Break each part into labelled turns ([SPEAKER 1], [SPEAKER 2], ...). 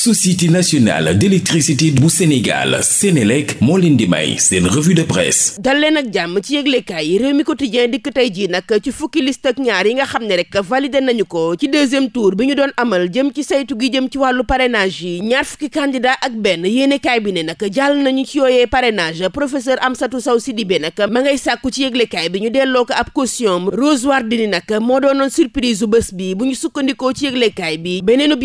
[SPEAKER 1] société nationale d'électricité bu Sénégal Sénélec moo leen di may seen revue de presse dal leen ak jàmm ci yëglekaay yi réew mi quotidien dikk tey jii nag ci fukki liste ak ñaar yi nga xam ne rek validé nañu ko ci deuxième tour bi ñu doon amal jëm ci saytu gi jëm ci wàllu parrainage yi ñaar fukki candidat ak benn yéenekaay bi ne nag jàll nañu ci yooyee parrainage professeur Amsatou Sow Sidibé nag ma ngay sàkku ci yëglekaay bi ñu delloo ko ab caution Rose nag moo doonoon surprise bu bés bi bu ñu sukkandikoo ci yëglekaay bi beneenub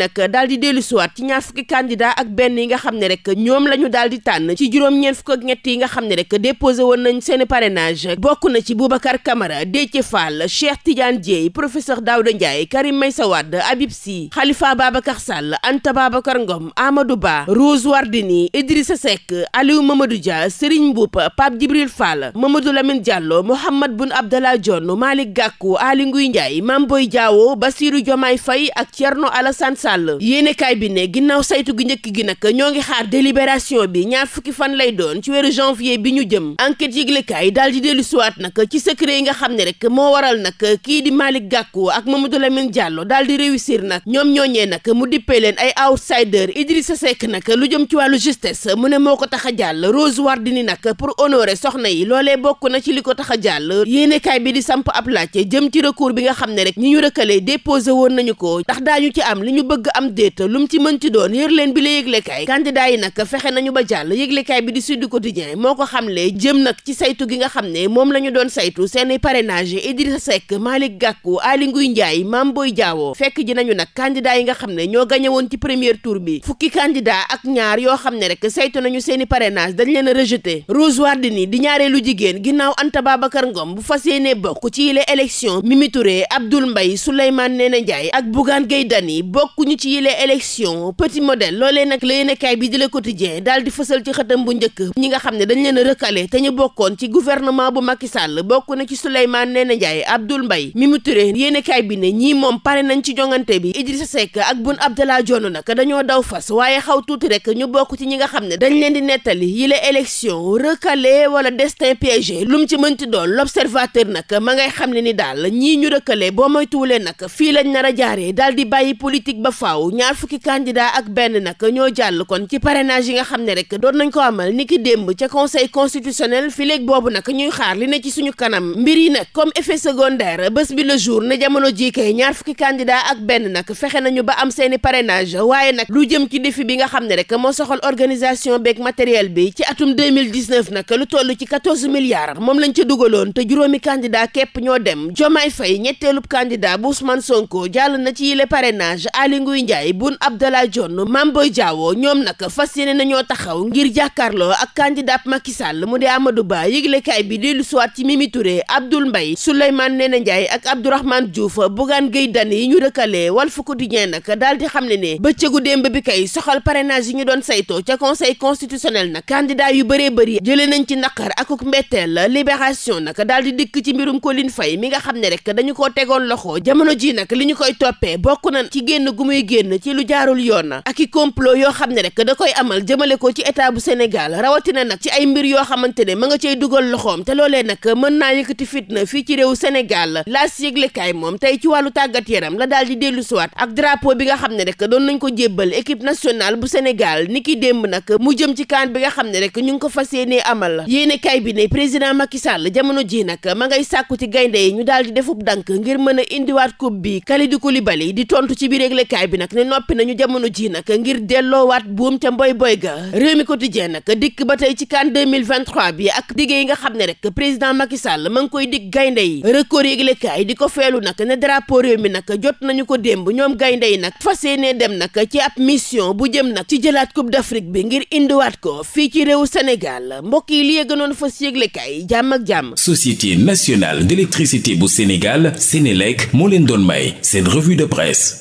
[SPEAKER 1] nag daal di dellu siwaat ci ñaar fukki candidat ak benn yi nga xam ne rek ñoom la ñu daal di tànn ci juróom-ñeent fukk ak ñett yi nga xam ne rek déposé woon nañ seen parrainage bokk na ci Boubacar Camara Déthié Fall Cheikh Tidiane Dièye professeur Daouda Ndiaye Karim Meïssa Wade Habib Sy Khalifa Babacar Sall Anta Babacar Ngom Amadou Ba Rose Wardini Idrissa Seck Aliou Mamadou Dia Serigne Mboup Pape Djibril Fall Mamadou Lamine Diallo Mohamed Boun Abdallah Dionne Malick Gakou Aly Ngouille Ndiaye Mame Boye Diao Bassirou Diomaye Faye ak Thierno Alassane Sall Sall yéenekaay bi ne ginnaaw saytu gi njëkk gi nag ñoo ngi xaar délibération bi ñaar fukki fan lay doon ci weeru janvier bi ñu jëm enquête yëglekaay daal di dellu siwaat nag ci secret yi nga xam ne rek moo waral nag kii di Malick Gakou ak Mamadou Lamine Diallo daal di réussir nag ñoom ñooñee nag mu dippee leen ay outsider Idrissa Seck nag lu jëm ci wàllu justesse mu ne moo ko tax a jàll Rose Wardini nag pour honorer soxna yi loolee bokk na ci li ko tax a jàll yéenekaay bi di samp ab ci recours bi nga xam ne rek ñi ñu rëkkalee déposé woon nañu ko bëgg am déet lu mu ci mënti doon yër leen bi la yëglekaay candidat yi nag fexe nañu ba jàll yëglekaay bi di Sud Quotidien moo ko xamle jëm nag ci saytu gi nga xam ne moom la ñu doon saytu seeni parrainage Idrissa Seck Malick Gakou Aly Ngouille Ndiaye Mame Boye Diao fekk ji nañu nag candidat yi nga xam ne ñoo gañe ci premier tour bi fukki candidat ak ñaar yoo xam ne rek saytu nañu seeni parrainage dañ leen a rejeté Rose Wardini di ñaareelu jigéen ginnaaw bokkuñu ci yile élection petit modèle loolee nag la yéenekaay bi di Le Quotidien daal di fësal ci xëtam bu njëkk ñi nga xam ne dañ leen a recalé te ñu bokkoon ci gouvernement bu Macky Sall bokk na ci Souleymane Ndéné Ndiaye Abdoul Mbaye Mimi Touré yéenekaay bi ne ñii moom pare nañ ci jongante bi Idrissa Seck ak Boun Abdallah Dionne nag dañoo daw fas waaye xaw tuuti rek ñu bokk ci ñi nga xam ne dañ leen di nettali yile élection recalé wala destin piégé lu mu ci mënti doon l'observateur nag ma ngay xam ne ni daal ñii ñu recalé boo moytuwulee nag fii lañ nar a jaaree daal di bàyyi politique ba faaw ñaar fukki candidat ak benn nag ñoo jàll kon ci parrainage yi nga xam ne rek doon nañ ko amal ni ki démb ca conseil constitutionnel fileeg boobu nag ñuy xaar li ne ci suñu kanam mbir yi nag comme effet secondaire bés bi le jour ne jamono jii kay ñaar fukki candidat ak benn nag fexe nañu ba am seeni parrainage waaye nag lu jëm ci défi bi nga xam ne rek moo soxal organisation beeg matériel bi ci atum 2019 nag lu toll ci 14 milliards moom lañ ca dugaloon te juróomi képp ñoo dem Diomaye Faye ñetteelub candidat bu Ousmane Sonko jàll Nguy Ndiaye Boun Abdallah Dionne Mame Boye Diao ñoom nag fas yéene nañoo taxaw ngir jàkkaarloo ak candidat Macky Sall mu di Amadou Ba yëglekaay bi dellu siwaat ci Mimi Touré Abdoul Mbaye Souleymane Ndéné Ndiaye ak Abdourahmane Diouf Bougane Gueye Dany yi ñu rëkkalee Walf Quotidien nag daal di xam ne ne bëccëgu démb bi kay soxal parrainage yi ñu doon saytoo ca conseil constitutionnel nag candidat yu bëree bëri jëlee nañ ci naqar akuk mbetteel libération nag daal di ci mbirum Colline Faye mi nga xam ne rek dañu koo tegoon loxo jamono ji nag li ñu koy toppee bokk na ci génn gu muy yay génn ci lu jaarul yoon na ak i complot yoo xam ne rek da koy amal jëmale ko ci état bu Sénégal rawatina nag ci ay mbir yoo xamante ne ma nga cay dugal loxoom te loolee nag mën naa yëkkati fitna fii ci réewu Sénégal laas yëglekaay moom tey ci wàllu tàggat yaram la daal di dellu siwaat ak drapeau bi nga xam ne rek doon nañ ko jébbal équipe nationale bu Sénégal ni ki démb nag mu jëm ci kaan bi nga xam ne rek ñu ngi ko fas yéenee amal yéenekaay bi ne président Macky Sall jamono ji nag ma ngay sàkku ci gaynde yi ñu daal di defub dank ngir mën a indiwaat coupe bi Kalidou Koulibaly di tontu ci biir yëglekaay yéenekaay bi nag ne noppi nañu jamono ji nag ngir delloowaat buum ca mboy boy ga réew mi ko quotidien nag dikk ba tey ci kan 2023 bi ak digge yi nga xam ne rek président Macky Sall ma ngi koy dig gaynde yi record yéglekaay di ko feelu nag ne drapeau réew mi nag jot nañu ko démb ñoom gaynde yi nag fa yéene dem nag ci ab mission bu jëm nag ci jëlaat coupe d'Afrique bi ngir indiwaat ko fii ci réew Sénégal mbokk yi li yëganoon fas yéglekaay jàmm ak jàmm société nationale d'électricité bu Sénégal Sénélec moo leen doon may seen revue de presse